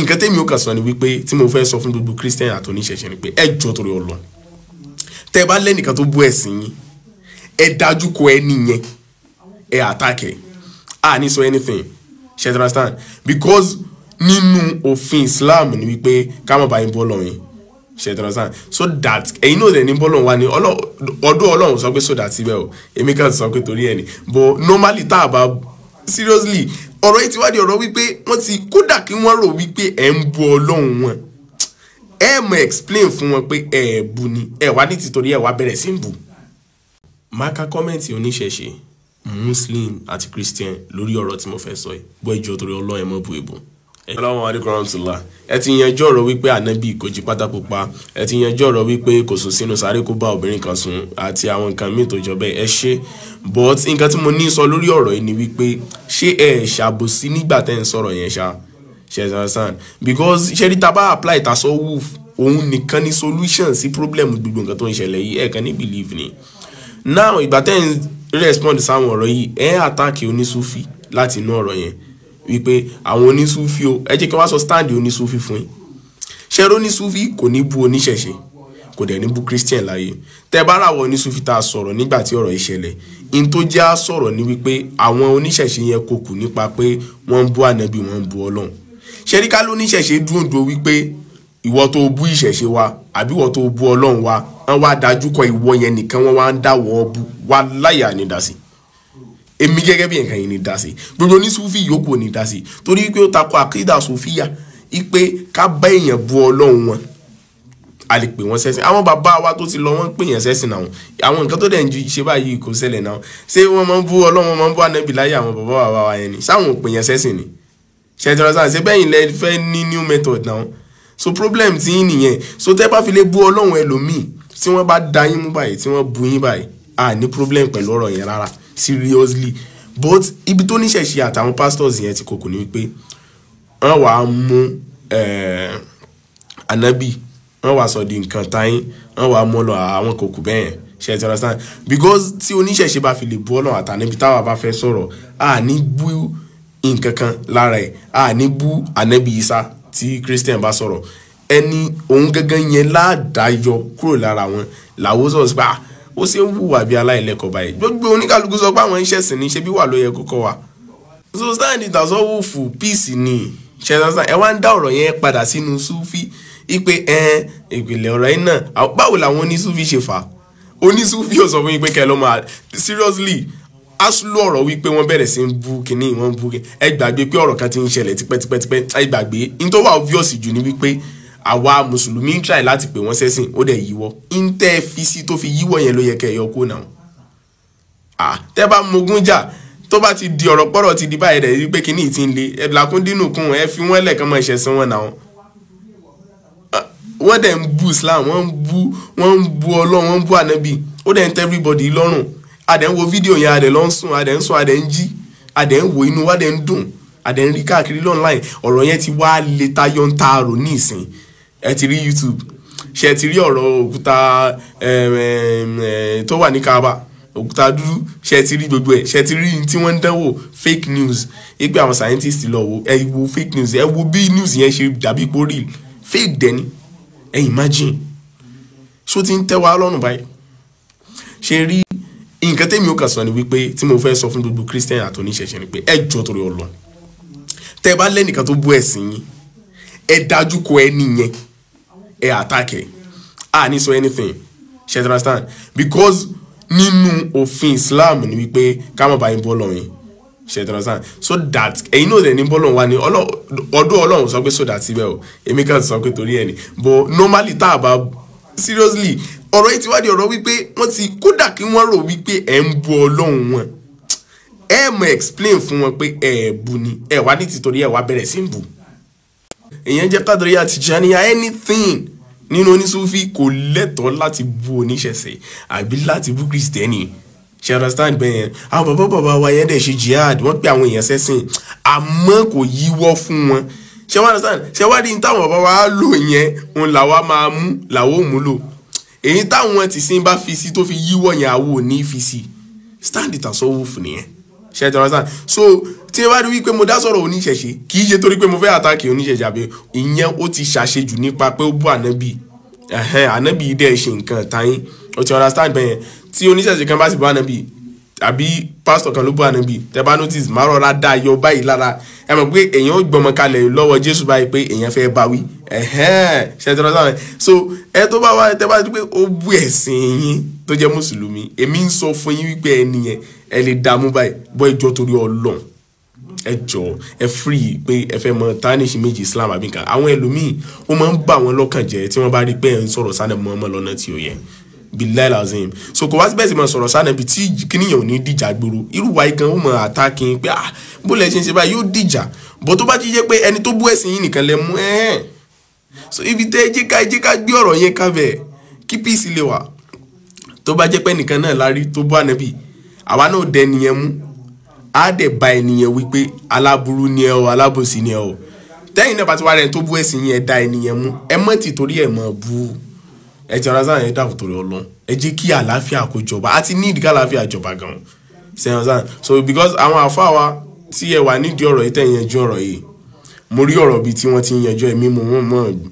nǹkan tèmi ó kàn sọ ni wípé tí mo fẹ́ sọ fún gbogbo christian àti oníṣẹ̀ṣẹ̀ ni pé ẹ jọ torí ọlọ tẹ bá lẹ́nìkan tó bú ẹ̀sìn yín ẹ dájú kọ ẹni yẹn ẹ àtàkẹ a ní sọ anything ṣe understand because nínú òfin Islam ni wípé ká má bá yín bọ́ lọ́yìn ṣe tọ́nà sáà so that ẹ̀yin náà dẹ̀ ní bọ́lọ̀ wa ni ọdún ọlọ́run sọ pé so that ibẹ̀ o èmi kàn sọ pé torí ẹ̀ ni but normally tá a bá seriously ọ̀rọ̀ yìí ti wá di ọ̀rọ̀ wípé wọ́n ti kódà kí wọ́n rò wípé ẹ̀ ń bu ọlọ́run wọn ẹ mọ̀ explain fún wọn pé ẹ̀ bu ni ẹ̀ wá ní tìtorí ẹ̀ wá bẹ̀rẹ̀ sí ń bu. máka kọ́mẹ̀ntì oníṣẹ̀ṣe muslim àti christian lórí ọ̀rọ̀ tí mo fẹ́ sọ yìí bọ́ ìjọ torí ọlọ́run ẹ̀ mọ́ bu èbùn. Assalamu alaikum warahmatullah ẹ ti yanjú ọ̀rọ̀ wípé ànábì kò jí pátákó pa ẹ ti yanjú ọ̀rọ̀ wípé kò sùn sínú sáré kó bá obìnrin kan sùn àti àwọn nǹkan míì tó jọ bẹ́ẹ̀ ẹ ṣe but nǹkan tí mo ní sọ lórí ọ̀rọ̀ yìí ni wípé ṣé ẹ ṣàbòsí nígbà tẹ́ ń sọ̀rọ̀ yẹn ṣá ṣe understand because ṣe rí taba apply tasawuf òun nìkan ni solution sí problem gbogbo nǹkan tó ń ṣẹlẹ̀ yìí ẹ̀ kan ní believe ni now ìgbà tẹ́ ń respond sáwọn ọ̀rọ̀ yìí ẹ̀ attack onísúfì láti inú ọ̀rọ̀ yẹn wípé àwọn onísúfí o ẹ jẹ́ kí wọ́n sọ stáàdì onísúfí fún yín ṣẹ́rọ onísúfí kò ní bu oníṣẹ̀ṣe kò dẹ̀ ní bu christian láyé tẹ́ bá ráwọ̀ onísúfí tá a sọ̀rọ̀ nígbà tí ọ̀rọ̀ yìí ṣẹlẹ̀ in tó jẹ́ á ni wípé àwọn oníṣẹ̀ṣe yẹn kò kù nípa pé wọ́n ń bu ànábì wọ́n ń bu ọlọ́run ṣẹ́rí ká ló níṣẹ̀ṣe dúndò wípé ìwọ tó bu ìṣẹ̀ṣe wa àbí ìwọ tó bu ọlọ́run wa wọ́n wá dájú kọ ìwọ yẹn nìkan wọ́n wá ń dáwọ́ bu wá láyà nídàsí èmi gẹ́gẹ́ bí nǹkan yìí ni dá sí gbogbo ní sufi yòókù ò ní dá sí torí pé ó takò àkídà sofiya ipe ká bá èèyàn bu ọlọ́run wọn a lè pè wọ́n sẹ́sìn àwọn bàbá wa tó ti lọ wọ́n ń pè yàn sẹ́sìn náà àwọn nǹkan tó dẹ̀ ń ju ṣe báyìí kò ṣẹlẹ̀ náà ṣé wọ́n máa ń bú ọlọ́run máa ń bú ànábì láyé àwọn bàbá wa wa yẹn ni sáwọn ò pè yàn sẹ́sìn ni ṣètìlọ́ sáà ṣe bẹ́yìn lẹ fẹ́ ní new method náà so problem ti yín nìyẹn so tẹ́ bá fi lè bú ọlọ́run ẹlòmíì tí wọ́n bá da yín mú báyìí tí wọ́n bu yín báyìí à ní problem pẹ̀lú ọ̀rọ̀ yẹn rárá seriously but ibi tó níṣẹ̀ṣe àtàwọn pastors yẹn ti kòkò ní wípé wọ́n wàá mú eh, ànábì wọ́n wàá sọ di nǹkan táyín wọ́n wàá mú lọ àwọn kòkò bẹ́ẹ̀ ṣe ti understand because tí oníṣẹ̀ṣe bá fi lè bu ọ̀nà àtànábì táwa bá fẹ́ sọ̀rọ̀ a ní bú nǹkan kan lára ẹ̀ a ní bú ànábì Ìsá tí Christian bá sọ̀rọ̀ ẹni òun gángan yẹn ládàáyọ kúrò lára wọn làwòsàn sí pé ah ó ṣe ń hùwà bí aláìlẹ́kọ̀ọ́ báyìí gbogbo oníkálukú sọ pé àwọn iṣẹ́ sìn ní ṣe bí wà ló yẹ kó kọ́ wa. so stand it as all fún peace ni ṣẹlẹsàn ẹ wá ń dá ọ̀rọ̀ yẹn padà sínú súfì ipe ẹn ìpìlẹ̀ ọ̀rọ̀ yẹn náà báwo làwọn onísúfì ṣe fà á onísúfì ò sọ fún yín pé kẹ́ ló máa seriously aṣlú ọ̀rọ̀ wípé wọ́n bẹ̀rẹ̀ sí ń bú kínní wọ́n bú ẹ gbàgbé pé ọ̀rọ̀ kan ti ń ṣẹlẹ̀ tipẹ́tipẹ́tipẹ́ ẹ gbàgbé ní tó wà obvious jù ni wípé àwa mùsùlùmí ń try láti pè wọ́n sẹ́sìn ó dẹ̀ yíwọ́ ntẹ́ fi sí tó fi yíwọ́ yẹn ló yẹ kẹ́ yọ kó náà à tẹ́ bá mogun jà tó bá ti di ọ̀rọ̀ pọ̀rọ̀ ti di báyìí rẹ̀ rí pé kíní ti ń le ẹ̀dùnlákúndínú kún ẹ fi wọ́n lẹ̀ kán mọ́ ìṣẹ̀sìn wọn náà wọ́n dẹ̀ ń bu Islam wọ́n ń bu wọ́n ń bu Ọlọ́run wọ́n ń bu ànábì ó dẹ̀ ń tẹ́ everybody lọ́rùn adẹ̀ ń wo fídíò yẹn adẹ̀ lọ́ ń sùn adẹ̀ ń sùn adẹ̀ ń jí adẹ̀ ń wo inú wa dẹ̀ ń dùn adẹ̀ ń rí káàkiri online ọ̀rọ̀ yẹn ti wá le tayọ̀ ń taarò ní ìsìn ẹ ti rí YouTube ṣe ti rí ọ̀rọ̀ òkúta eh, tó wà ní Kaaba òkúta dúdú ṣe ti rí gbogbo ẹ̀ ṣe ti rí tí wọ́n ń dánwò fake news ipe àwọn scientists lọ wo ẹ wo fake news ẹ wo bí news yẹn ṣe dàbí ipò real fake dẹni ẹ imagine ṣó ti ń tẹ́ wa lọ́rùn báyìí ṣe rí nǹkan tẹ́mi ó kàn sọ ni wípé tí mo fẹ́ sọ fún gbogbo Christian àti oníṣẹ̀ṣẹ̀ ni pé ẹ jọ torí Ọlọ́run tẹ́ bá lẹ́nìkan tó bú ẹ̀sìn yín ẹ dájú kọ ẹni yẹn ẹ attack ẹ a ní sọ anything ṣe you understand because nínú òfin Islam ni wípé ká má bá yín bọ́ lọ́yìn ṣe you understand so that ẹ̀yin náà dẹ̀ ní bọ́ lọ́hún wa ni ọdún ọlọ́run sọ pé so that ibẹ̀ o èmi kàn sọ pé torí ẹ̀ ni but normally tá a bá seriously ọ̀rọ̀ yìí ti wá di ọ̀rọ̀ wípé wọ́n ti kódà kí wọ́n rò wípé ẹ̀ ń bu ọlọ́run wọn ẹ mọ̀ explain fún wọn pé ẹ̀ bu ni ẹ̀ wá ní tìtorí ẹ̀ wá bẹ̀rẹ̀ sí ń bu èèyàn jẹ́ Qadiriyya Tijaniya anything nínú onísúfì kò lẹ́tọ̀ọ́ láti bú oníṣẹ̀ṣe àbí láti bú kristẹni ṣe understand bẹ́ẹ̀ yẹn àwọn bàbá bàbá wa yẹn dẹ̀ ṣe jihad wọ́n pe àwọn èèyàn sẹ́sìn àmọ́ kò yíwọ́ fún wọn ṣe wá understand ṣe wá rí ní táwọn bàbá wa lò yẹn òun làwa máa mú làwa ò mú lò èyí táwọn tìsín bá fi sí tó fi yíwọ́ yẹn àwo ò ní fi sí stand it as all wolf nìyẹn ṣe understand so tí ẹ bá rí wípé mo dá sọ̀rọ̀ oníṣẹ̀ṣe kì í ṣe torí pé mo fẹ́ àtàkì oníṣẹ̀ṣe àbí ìyẹn ó ti ṣàṣejù nípa pé ó bú ànábì ànábì dẹ̀ ṣe nǹkan táyín o ti understand bẹ́ẹ̀ tí oníṣẹ̀ṣe kan bá sì bú ànábì àbí pásítọ̀ kan ló bú ànábì tẹ́ bá notice máa rọra dá ayọ̀ báyìí lára ẹ mọ̀ pé èèyàn gbọmọ kalẹ̀ lọ́wọ́ jésù báyìí pé èèyàn fẹ́ bá wí ṣètò ọ̀sán so ẹ tó bá wá tẹ́ bá rí pé ó bú ẹ̀sìn yín tó jẹ́ mùsùlùmí èmi ń sọ fún yín wípé ẹnìyẹn ẹ lè dààmú báyìí bọ́ ìjọ torí ọlọ́run ẹ jọ ẹ free pé ẹ fẹ́ mọ tarnish méjì islam abinka nǹkan àwọn ẹlòmíì ó máa ń bà wọ́n lọ́kàn jẹ́ tí wọ́n bá rí pé ẹ ń sọ̀rọ̀ sáà mọ́ ọmọ lọ́nà tí ó yẹ bilai lazim so kò wá síbẹ̀ sí máa sọ̀rọ̀ sáà bí tí kíníyàn ò ní dìjà gbòòrò irú wa gan ó máa àtàkì pé ah bó lẹ ṣe ń ṣe báyìí yóò dìjà bó tó bá ti jẹ́ pé ẹni tó bú ẹ̀sìn yìí nìkan lẹ mú ẹ́ẹ́ so ibi tẹ́ ẹ jẹ́ ká ẹ jẹ́ ká gbé ọ̀rọ̀ yẹn kábẹ̀ kí peace lè wà tó bá jẹ́ pé nìkan náà la tó bú ànábì àwa náà dẹni yẹn mú á dẹ̀ bá ẹnìyẹn wípé aláburú ni ẹ o alábòsí ni ẹ o tẹ́yìn náà bá ti wá rẹ̀ tó bú ẹ̀sìn yẹn da ẹnìyẹn mú ẹ mọ́ ti torí ẹ̀ mọ́ bú ẹ jẹ́ ọ̀rọ̀ sáà yẹn dàkú torí ọlọ́run ẹ jẹ́ kí àlàáfíà kó jọba á ti ní ìdíkà àlàáfíà jọba gan sẹ́yìn sáà so because àwọn àfa wa tí ẹ wà nídìí ọ̀rọ̀ yìí tẹ̀yìn ẹjọ́ ọ̀rọ̀ yìí mo rí ọ̀rọ̀ bíi tí wọ́n ti ń yẹjọ́ ẹ̀mí mo wọ́n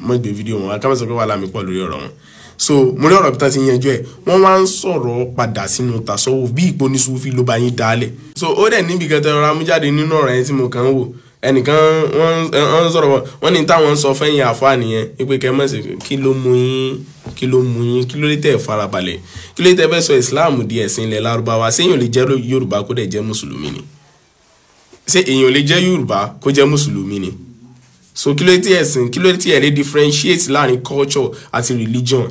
mọ̀ gbé fídíò wọn akámẹ́sọ̀ pé wàhálà mi pọ̀ lórí ọ̀rọ̀ wọn so mo rí ọ̀rọ̀ bí tán ti yanjú ẹ̀ wọ́n wá ń sọ̀rọ̀ padà sínú tasọ́wọ́ bí ìponi sufi ló bá yín dálẹ̀ so ó dẹ̀ níbi kan tẹ́ rọra mú jáde nínú ọ̀rọ̀ yẹn tí mo kàn ń wò ẹnìkan wọ́n ń sọ̀rọ̀ wọ́n ní táwọn ń sọ fẹ́yìn àfáà nìyẹn wípé kẹ́ mọ̀ sí kí ló mú yín kí ló mú yín kí ló lè tẹ̀ farabalẹ̀ kí ló lè tẹ̀ fẹ́ sọ islam di ẹ̀sìn ilẹ̀ lárúbáwá séèyàn lè jẹ́ yorùbá kó dẹ̀ jẹ́ mùsùlùmí ni ṣé èèyàn lè jẹ́ yorùbá kó jẹ́ mùsùlùmí ni so kí ló lè tẹ̀ ẹ̀sìn kí ló lè tẹ̀ ẹ̀rẹ́ differentiate láàrin culture àti religion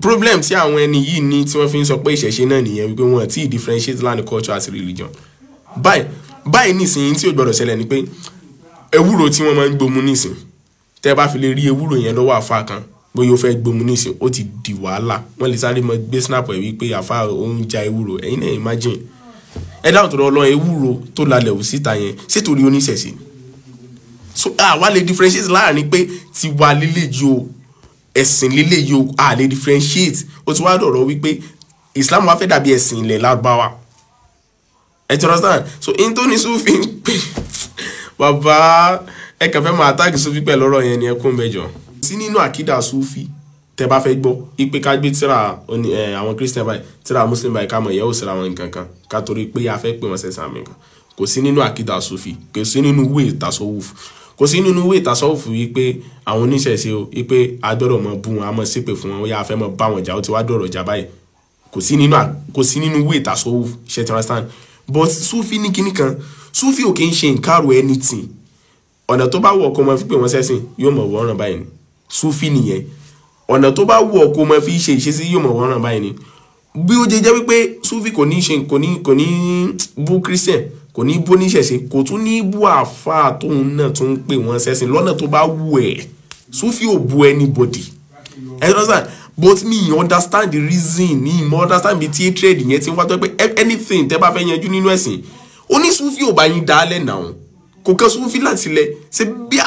problem tí àwọn ẹni yìí ní tí wọ́n fi ń sọ pé ìṣẹ̀ṣe náà nìyẹn wípé ti differentiate land culture àti religion báyìí báyìí nísìnyí tí ò gbọdọ̀ ṣẹlẹ̀ ni pé ewúro tí wọ́n máa ń gbomu nísìn tẹ́ bá fi lè rí ewúro yẹn lọ́wọ́ àfa kan bóyá ó fẹ́ gbomu nísìn ó ti di wàhálà wọ́n lè sáré mọ gbé snap ẹ̀ wípé àfa òun ja ewúro ẹ̀yin náà imagine ẹ dáhùn tó lọ ewúro tó lalẹ̀ wù síta yẹn sétorí oníṣẹ̀ṣe so àwa lè differentiate láàrin pé tiwa lílejò ẹ̀sìn líle yìí a lè differentiate ó ti wá dọ̀rọ̀ wípé Islam wá fẹ́ dàbí ẹ̀sìn ilẹ̀ Lárúbáwá ẹ ti understand so in tó ní Sufi ń pè bàbá ẹ kàn fẹ́ máa attack Sufi pẹ̀lú ọ̀rọ̀ yẹn ni ẹ kún mẹ́jọ sí nínú àkídà Sufi tẹ bá fẹ́ gbọ́ ipe ká gbé tíra àwọn Christian báyìí tíra Muslim báyìí ká mọ̀ ìyẹ́wò síra wọn nǹkan kan ká torí pé a fẹ́ pè wọ́n sẹ́sàn àmì kan kò sí nínú àkídà Sufi kò sí nínú wíì tasowuf kò sí nínú ìwé ìtasọ́wọ́fù wípé àwọn oníṣẹ̀ṣe o wípé a gbọ́dọ̀ mọ bú wọn a mọ ṣépè fún wọn ó yà á fẹ́ mọ bá wọn jà ó ti wá dọ̀rọ̀ jà báyìí kò sí nínú kò sí nínú ìwé ìtasọ́wọ́fù ṣe ti understand but sufi ní kinní kan sufi ò kì í ṣe nkárò anything ọ̀nà tó bá wù ọkọ ọmọ fi pè wọ́n sẹ́sìn yóò mọ̀ wọ́ràn báyìí ni sufi nìyẹn ọ̀nà tó bá wù ọkọ ọmọ fi ṣe ìṣesí yóò mọ̀ wọ́ràn báyìí ni bí ó jẹ jẹ́ wípé sufi kò ní ṣe kò ní kò ní bú christian kò ní bó ní ṣẹ̀ṣe kò tún ní bú àáfàá tóun náà tún pè wọ́n ṣẹ̀sìn lọ́nà tó bá wù ẹ̀ Sufi ò bu anybody ẹ understand but me understand the reason ni mo understand bí tí hatred yẹn ti ń wá tó pé anything tẹ́ bá fẹ́ yanjú nínú ẹ̀sìn ó ní Sufi ò bá yín dá lẹ́nà òun kò kan Sufi láti lẹ̀ ṣe bí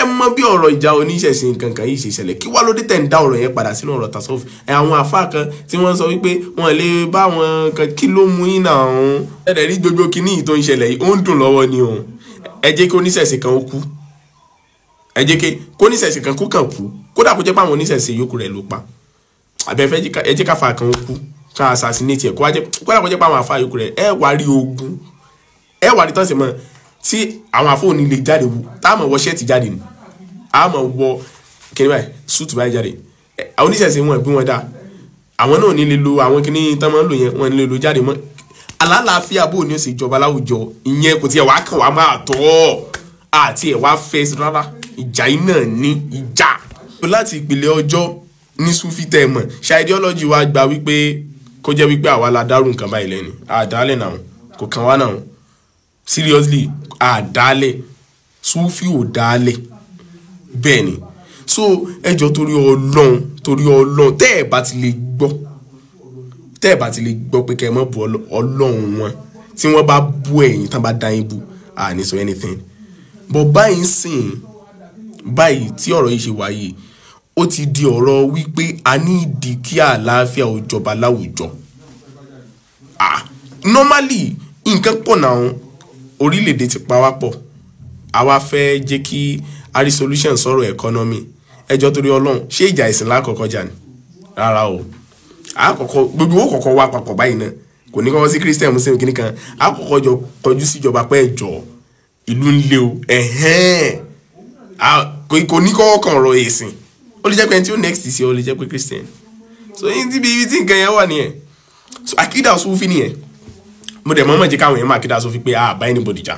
ẹ mọ bí ọ̀rọ̀ ìjà oníṣẹ̀ṣe kankan yìí ṣe ṣẹlẹ̀ kí wá ló dé tẹ̀ ń dá ọ̀rọ̀ yẹn padà sínú ọ̀rọ̀ tasọ́ọ̀fù ẹ àwọn àfa kan tí wọ́n sọ wípé wọn lè bá wọn kan kí ló mú yín náà òun ẹ̀rẹ̀ rí gbogbo kinní yìí tó ń ṣẹlẹ̀ yìí ó ń dùn lọ́wọ́ ni òun ẹ jẹ́ kí oníṣẹ̀ṣe kan ó kú ẹ jẹ́ kí oníṣẹ̀ṣe kan kú kàn kú kódà kó jẹ́ pé àwọn oníṣẹ̀ṣe yòókù rẹ̀ ló pa àbẹ̀fẹ́ ẹ jẹ́ ká tí àwọn afọ́ọ̀nì lè jáde wò tá a máa wọ ṣẹ́ẹ̀tì jáde ni a máa wọ kíní báyìí súùtù báyìí jáde oníṣẹ̀ṣẹ̀ wọn bí wọn dá àwọn náà ní lè lo àwọn kíní tá a máa ń lò yẹn wọn ní lè lo jáde mọ́ alálàáfíà bò ní òsè ìjọba láwùjọ ìyẹn kò tiẹ̀ wá kàn wá máa tọ́ àti ẹ̀ wá fẹ́ rárá ìjà yìí náà ní ìjà láti ìpìlẹ̀ ọjọ́ ní sufi tẹ̀ mọ̀ ṣe ideology wa gba wípé kó jẹ́ wípé àwa la dárú nǹkan báyìí lẹ́nu àdálẹ̀ náà kò kàn wá náà seriously àdálẹ̀ sufi ò dálẹ̀ bẹ́ẹ̀ ni so ẹjọ́ torí ọlọ́run torí ọlọ́run tẹ́ ẹ̀ bá ti lè gbọ́ tẹ́ ẹ̀ bá ti lè gbọ́ pé kẹ́ ẹ mọ̀ bu ọlọ́run wọn tí wọ́n bá bú ẹ̀yìn tán bá dá yín bú à ní sọ anything but báyìí sìn báyìí tí ọ̀rọ̀ yìí ṣe wáyé ó ti di ọ̀rọ̀ wípé a ní ìdí kí àlàáfíà ò láwùjọ ah normally nǹkan pọ̀ náà orílẹ̀-èdè ti pa wá pọ̀ àwa fẹ́ jẹ́ kí ari solution sọ̀rọ̀ economy ẹjọ́ torí ọlọ́run ṣé ìjà ìsìn lákọ̀ọ́kọ́ jà ni rárá o àkọ́kọ́ gbogbo owó kọ̀ọ̀kan wà papọ̀ báyìí náà kò ní kọ́kọ́ sí christian muslim kìíní kan àkọ́kọ́ jọ kọjú síjọba pé ẹ̀jọ̀ ìlú ń lé o ẹ̀hẹ́n kò ní kọ́kọ́ kan ọ̀rọ̀ ẹ̀sìn ó lè jẹ́ pé ẹni tí ó next sí ọ lè jẹ́ pé christian so ibi tí nǹkan yẹn wà nìyẹn so akida sufi nìyẹn mo dẹ̀ mọ́mọ́ jẹ́ káwọn èèyàn máa kí dáa sọ fi pé àbá ẹni bòdìjà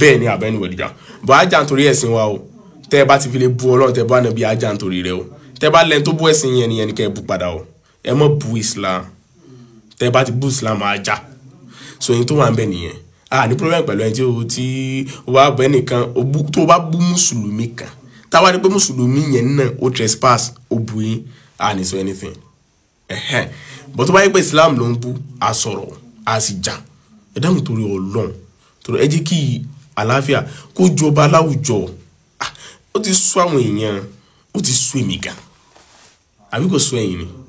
bẹ́ẹ̀ ni àbá ah, ẹni bòdìjà bọ́ ajá nítorí ẹ̀sìn wa o tẹ́ ẹ bá ti fi lè bu ọlọ́run tẹ́ bá nàbí ajá nítorí rẹ o tẹ́ bá lẹ́ni tó bú ẹ̀sìn yẹn nìyẹn ni kẹ́ ẹ bu padà o ẹ mọ̀ bu Islam tẹ́ bá ti bu Islam ajá so yín tó wà ń bẹ̀ nìyẹn a ní problem pẹ̀lú ẹni tí o ti wá nìkan tó o bá bú mùsùlùmí kan táwa pé mùsùlùmí yẹn náà ó anything ẹ̀hẹ́n bọ́tọ́ bá Islam ló ń a sì jà ẹ dáhùn torí ọlọ́run torí ẹ jẹ́ kí àlàáfíà kó jọba láwùjọ ah, ó ti sọ àwọn èèyàn ó ti sọ èmi gan àbí kò sọ ẹ̀yin ni.